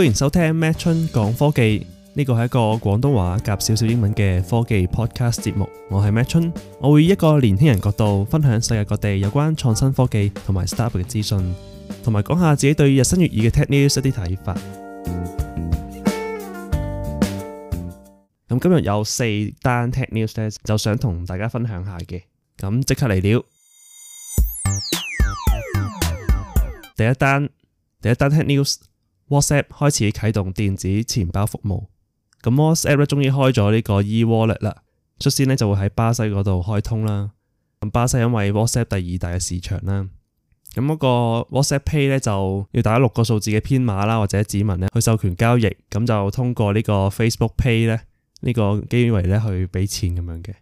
歡迎收聽麥春講科技，呢個係一個廣東話夾少少英文嘅科技 podcast 節目。我係麥春，我會以一個年輕人角度分享世界各地有關創新科技同埋 startup 嘅資訊，同埋講下自己對日新月異嘅 tech news 一啲睇法。咁今日有四單 tech news，就想同大家分享下嘅，咁即刻嚟了。第一單，第一單 tech news。WhatsApp 開始啟動電子錢包服務，咁 WhatsApp 咧終於開咗、e、呢個 eWallet 啦。率先咧就會喺巴西嗰度開通啦。咁巴西因為 WhatsApp 第二大嘅市場啦，咁嗰個 WhatsApp Pay 咧就要打六個數字嘅編碼啦，或者指紋咧去授權交易，咁就通過個呢個 Facebook Pay 咧呢個機圍咧去俾錢咁樣嘅。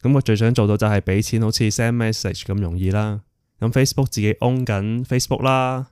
咁我最想做到就係俾錢，好似 send message 咁容易啦。咁 Facebook 自己 own 緊 Facebook 啦。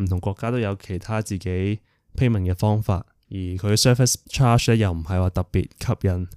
唔同國家都有其他自己 payment 嘅方法，而佢 service charge 咧又唔係話特別吸引。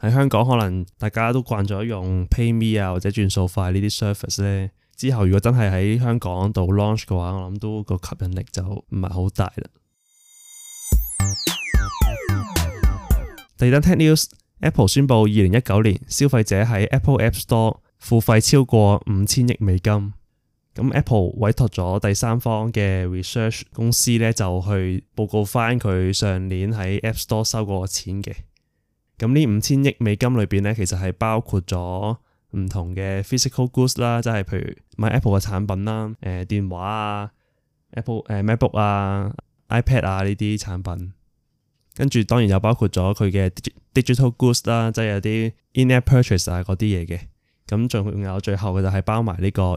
喺香港可能大家都慣咗用 PayMe 啊或者轉數快呢啲 service 咧，之後如果真係喺香港度 launch 嘅話，我諗都個吸引力就唔係好大啦。 第二單 tech news，Apple 宣布二零一九年消費者喺 Apple App Store 付費超過五千億美金。咁 Apple 委託咗第三方嘅 research 公司咧，就去報告翻佢上年喺 App Store 收過的錢嘅。咁呢五千億美金裏邊咧，其實係包括咗唔同嘅 physical goods 啦，即係譬如買 Apple 嘅產品啦，誒、呃、電話啊，Apple 誒、呃、MacBook 啊、iPad 啊呢啲產品。跟住當然又包括咗佢嘅 digital goods 啦，即係有啲 in-app purchase 啊嗰啲嘢嘅。咁仲有最後嘅就係包埋呢、呢個。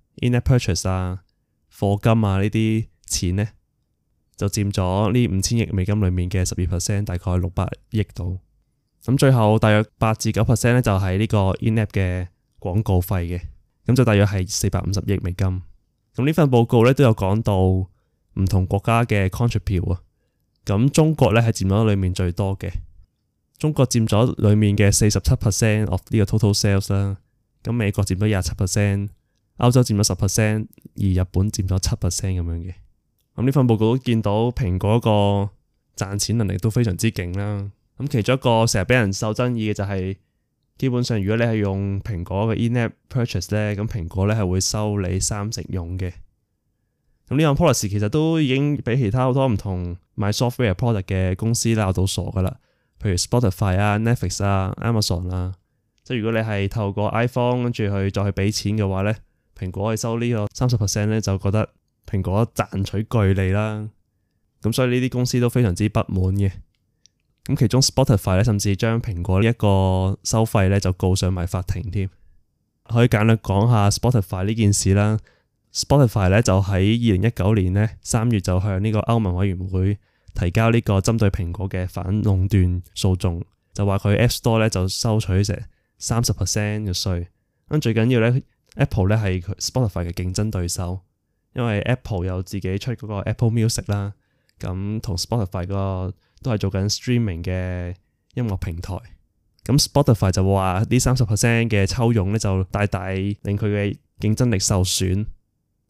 In-app purchase 啊、課金啊呢啲錢呢，就佔咗呢五千億美金裏面嘅十二 percent，大概六百億度。咁最後大約八至九 percent 咧，就係呢個 in-app 嘅廣告費嘅。咁就大約係四百五十億美金。咁呢份報告咧都有講到唔同國家嘅 contributor 啊。咁中國咧係佔咗裏面最多嘅，中國佔咗裏面嘅四十七 percent of 呢個 total sales 啦。咁美國佔咗廿七 percent。歐洲佔咗十 percent，而日本佔咗七 percent 咁樣嘅。咁呢份報告都見到蘋果個賺錢能力都非常之勁啦。咁其中一個成日俾人受爭議嘅就係，基本上如果你係用蘋果嘅 In-App Purchase 咧，咁蘋果咧係會收你三成用嘅。咁呢樣 policy 其實都已經俾其他好多唔同賣 software product 嘅公司鬧到傻噶啦。譬如 Spotify 啊、Netflix 啊、Amazon 啊，即係如果你係透過 iPhone 跟住去再去俾錢嘅話咧。蘋果係收呢個三十 percent 咧，就覺得蘋果賺取巨利啦。咁所以呢啲公司都非常之不滿嘅。咁其中 Spotify 咧，甚至將蘋果呢一個收費咧，就告上埋法庭添。可以簡略講下 Sp Spotify 呢件事啦。Spotify 咧就喺二零一九年咧三月就向呢個歐盟委員會提交呢個針對蘋果嘅反壟斷訴訟，就話佢 App Store 咧就收取隻三十 percent 嘅稅。咁最緊要咧。Apple 咧係 Spotify 嘅競爭對手，因為 Apple 有自己出嗰個 Apple Music 啦，咁同 Spotify 個都係做緊 streaming 嘅音樂平台。咁 Spotify 就話呢三十 percent 嘅抽傭咧就大大令佢嘅競爭力受損。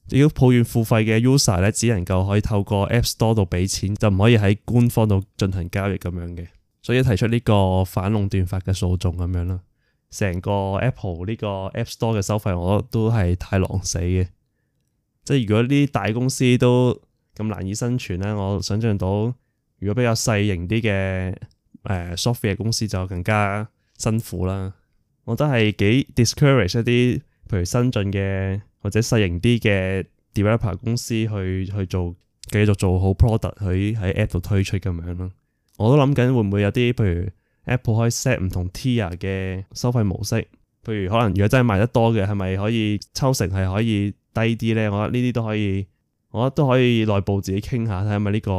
要抱怨付費嘅 user 咧，只能夠可以透過 App Store 度俾錢，就唔可以喺官方度進行交易咁樣嘅，所以提出呢個反壟斷法嘅訴訟咁樣啦。成個 Apple 呢個 App Store 嘅收費，我都都係太狼死嘅。即係如果呢啲大公司都咁難以生存咧，我想像到如果比較細型啲嘅誒 software 公司就更加辛苦啦。我都係幾 discourage 一啲，譬如新進嘅或者細型啲嘅 developer 公司去去做，繼續做好 product 去喺 App 度推出咁樣咯。我都諗緊會唔會有啲譬如。Apple 可以 set 唔同 tier 嘅收費模式，譬如可能如果真係賣得多嘅，係咪可以抽成係可以低啲咧？我覺得呢啲都可以，我覺得都可以內部自己傾下，睇下係咪呢個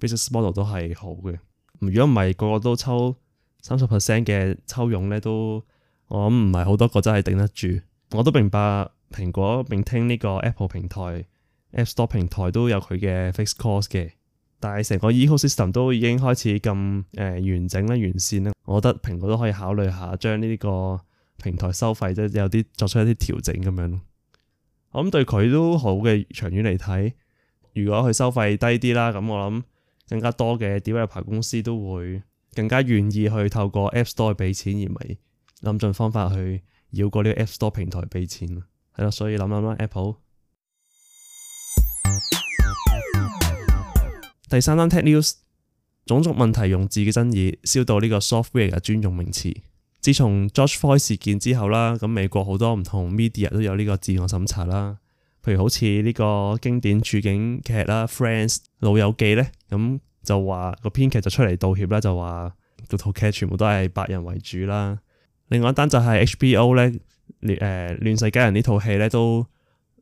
business model 都係好嘅。如果唔係個個都抽三十 percent 嘅抽傭咧，都我諗唔係好多個真係頂得住。我都明白蘋果 maintain 呢個 Apple 平台 App Store 平台都有佢嘅 fixed cost 嘅。但係成個 ecosystem 都已經開始咁誒、呃、完整啦、完善啦。我覺得蘋果都可以考慮下將呢個平台收費，即有啲作出一啲調整咁樣咯。我諗對佢都好嘅，長遠嚟睇，如果佢收費低啲啦，咁我諗更加多嘅 developer 公司都會更加願意去透過 App Store 俾錢，而唔係諗盡方法去繞過呢個 App Store 平台俾錢。係咯，所以諗諗啦，Apple。嗯第三單 tech news，種族問題用字嘅爭議，燒到呢個 software 嘅專用名詞。自從 George Floyd 事件之後啦，咁美國好多唔同 media 都有呢個自我審查啦。譬如好似呢個經典處境劇啦，《Friends》老友記咧，咁就話個編劇就出嚟道歉啦，就話個套劇全部都係白人為主啦。另外一單就係 HBO 咧，誒、呃《亂世佳人》呢套戲咧都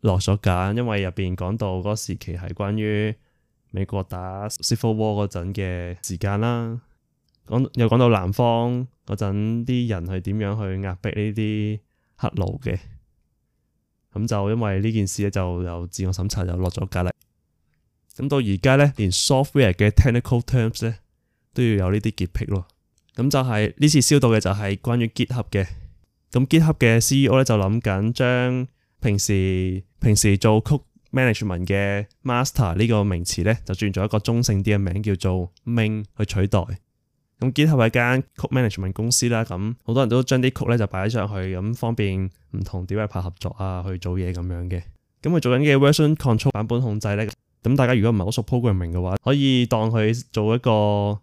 落咗架，因為入邊講到嗰時期係關於。美國打 Civil War 嗰陣嘅時間啦，講又講到南方嗰陣啲人係點樣去壓迫呢啲黑奴嘅，咁就因為呢件事咧，就由自我審查就落咗界例。咁到而家咧，連 software 嘅 technical terms 咧都要有呢啲潔癖咯。咁就係、是、呢次燒到嘅就係關於 GitHub 嘅，咁 GitHub 嘅 CEO 咧就諗緊將平時平時做 code。management 嘅 master 呢個名詞咧，就轉咗一個中性啲嘅名叫做 main 去取代。咁結合一間 code management 公司啦，咁好多人都將啲 code 咧就擺上去，咁方便唔同 developer 合作啊，去做嘢咁樣嘅。咁佢做緊嘅 version control 版本控制咧，咁大家如果唔係好熟 programming 嘅話，可以當佢做一個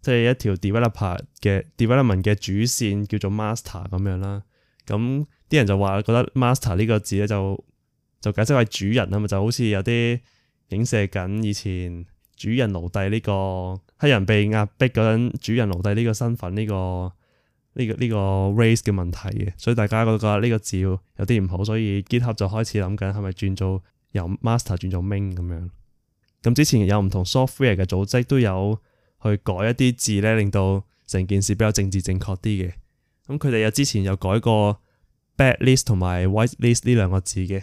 即係、就是、一條 developer 嘅 development 嘅主線叫做 master 咁樣啦。咁啲人就話覺得 master 呢個字咧就就解釋為主人啊嘛，係咪就好似有啲影射緊以前主人奴隸呢個黑人被壓迫嗰陣主人奴隸呢個身份呢、呢個呢、呢個呢、呢個 race 嘅問題嘅，所以大家都覺得呢個字有啲唔好，所以 GitHub 就開始諗緊係咪轉做由 master 轉做 main 咁樣。咁之前有唔同 software 嘅組織都有去改一啲字咧，令到成件事比較政治正確啲嘅。咁佢哋有之前有改過 black list 同埋 white list 呢兩個字嘅。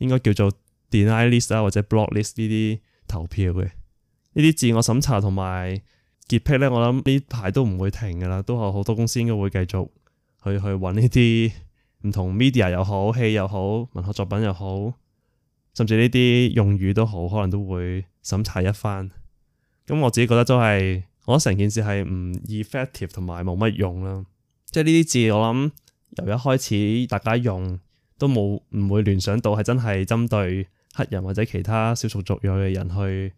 應該叫做 deny list 啊，或者 block list 呢啲投票嘅呢啲自我審查同埋潔癖咧，我諗呢排都唔會停㗎啦，都係好多公司應該會繼續去去揾呢啲唔同 media 又好，戲又好，文學作品又好，甚至呢啲用語都好，可能都會審查一番。咁我自己覺得都係，我覺得成件事係唔 effective 同埋冇乜用啦。即係呢啲字，我諗由一開始大家用。都冇唔會聯想到係真係針對黑人或者其他少數族，族裔嘅人去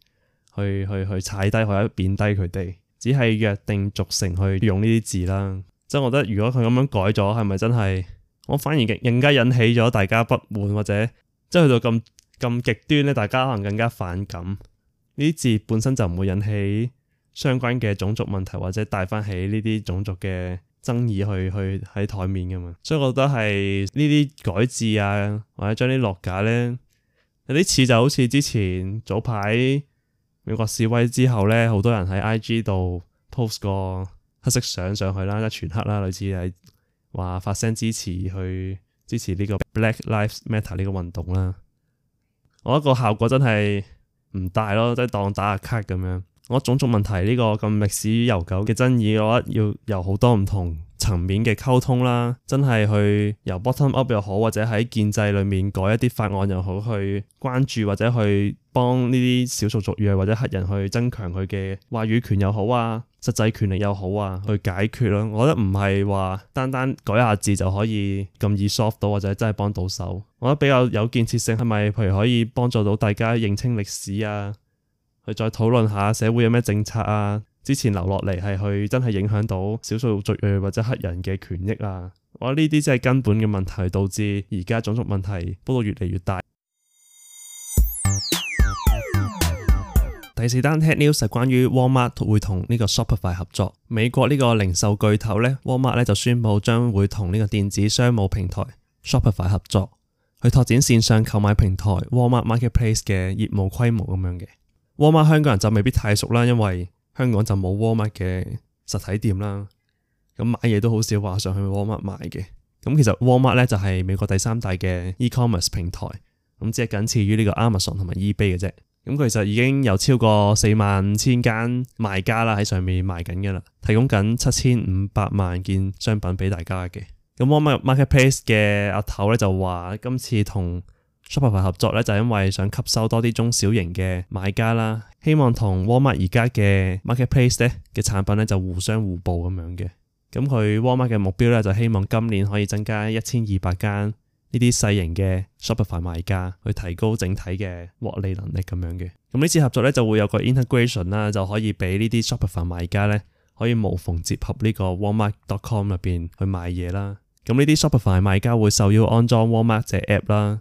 去去去踩低或者貶低佢哋，只係約定俗成去用呢啲字啦。即係我覺得如果佢咁樣改咗，係咪真係我反而更加引起咗大家不滿，或者即係去到咁咁極端咧，大家可能更加反感。呢啲字本身就唔會引起相關嘅種族問題，或者帶翻起呢啲種族嘅爭議去去喺台面㗎嘛，所以我覺得係呢啲改制啊，或者將啲落架呢，有啲似就好似之前早排美國示威之後呢，好多人喺 IG 度 post 個黑色相上去啦，一全黑啦，類似係話發聲支持去支持呢個 Black Lives Matter 呢個運動啦。我覺得個效果真係唔大咯，即係當打下卡咁樣。我種族問題呢個咁歷史悠久嘅爭議，我覺得要有好多唔同層面嘅溝通啦，真係去由 bottom up 又好，或者喺建制裏面改一啲法案又好，去關注或者去幫呢啲少數族裔或者黑人去增強佢嘅話語權又好啊，實際權力又好啊，去解決咯。我覺得唔係話單單改下字就可以咁易 soft 到，或者真係幫到手。我覺得比較有建設性係咪？譬如可以幫助到大家認清歷史啊？去再討論下社會有咩政策啊？之前留落嚟係去真係影響到少數族裔或者黑人嘅權益啊！我覺得呢啲真係根本嘅問題，導致而家種族問題煲到越嚟越大。第四單 tech news 係關於 Walmart 會同呢個 Shopify 合作。美國呢個零售巨頭咧 Walmart 咧就宣布將會同呢個電子商務平台 Shopify 合作，去拓展線上購買平台 Walmart Marketplace 嘅業務規模咁樣嘅。Walmart 香港人就未必太熟啦，因為香港就冇 Walmart 嘅實體店啦，咁買嘢都好少話上去 Walmart 買嘅。咁其實 Walmart 咧就係美國第三大嘅 e-commerce 平台，咁即係僅次於呢個 Amazon 同埋 eBay 嘅啫。咁其實已經有超過四萬五千間賣家啦，喺上面賣緊嘅啦，提供緊七千五百萬件商品俾大家嘅。咁 Walmart marketplace 嘅阿頭咧就話今次同 Shopify 合作咧，就是、因為想吸收多啲中小型嘅買家啦。希望同 Walmart 而家嘅 Marketplace 咧嘅產品咧，就互相互補咁樣嘅。咁佢 Walmart 嘅目標咧，就是、希望今年可以增加一千二百間呢啲細型嘅 Shopify 買家，去提高整體嘅獲利能力咁樣嘅。咁呢次合作咧就會有個 integration 啦，就可以俾呢啲 Shopify 買家咧可以無縫接合呢個 Walmart.com 入邊去買嘢啦。咁呢啲 Shopify 買家會受邀安裝 Walmart 隻 app 啦。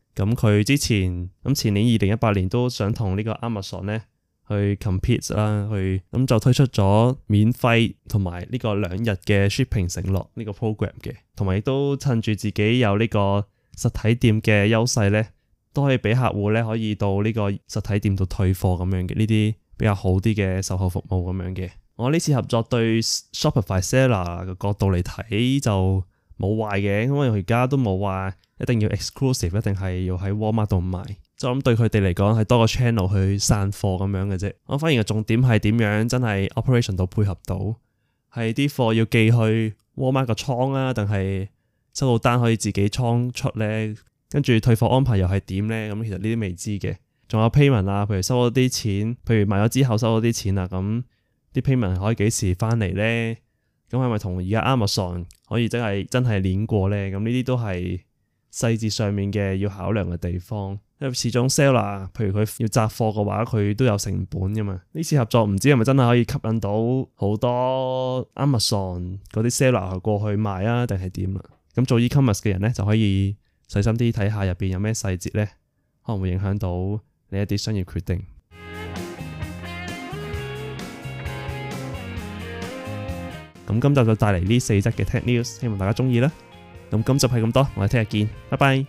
咁佢之前咁前年二零一八年都想同呢個 Amazon 呢去 competes 啦，去咁就推出咗免費同埋呢個兩日嘅 shipping 承諾呢個 program 嘅，同埋亦都趁住自己有呢個實體店嘅優勢呢，都可以俾客戶呢可以到呢個實體店度退貨咁樣嘅呢啲比較好啲嘅售後服務咁樣嘅。我呢次合作對 Shopify seller 嘅角度嚟睇就冇壞嘅，因為佢而家都冇話一定要 exclusive，一定係要喺 w a m 沃馬度賣，就咁對佢哋嚟講係多個 channel 去散貨咁樣嘅啫。我反而嘅重點係點樣真係 operation 度配合到，係啲貨要寄去 w a m 沃馬個倉啊，定係收到單可以自己倉出咧？跟住退貨安排又係點咧？咁其實呢啲未知嘅，仲有 payment 啊，譬如收咗啲錢，譬如賣咗之後收咗啲錢啊，咁啲 payment 可以幾時翻嚟咧？咁係咪同而家 Amazon 可以真係真係碾過咧？咁呢啲都係。細節上面嘅要考量嘅地方，因為始終 seller，譬如佢要集貨嘅話，佢都有成本噶嘛。呢次合作唔知係咪真係可以吸引到好多 Amazon 嗰啲 seller 過去賣啊，定係點啊？咁做 e-commerce 嘅人咧就可以細心啲睇下入邊有咩細節咧，可能會影響到你一啲商業決定。咁 今集就帶嚟呢四則嘅 Tech News，希望大家中意啦。咁今集係咁多，我哋聽日見，拜拜。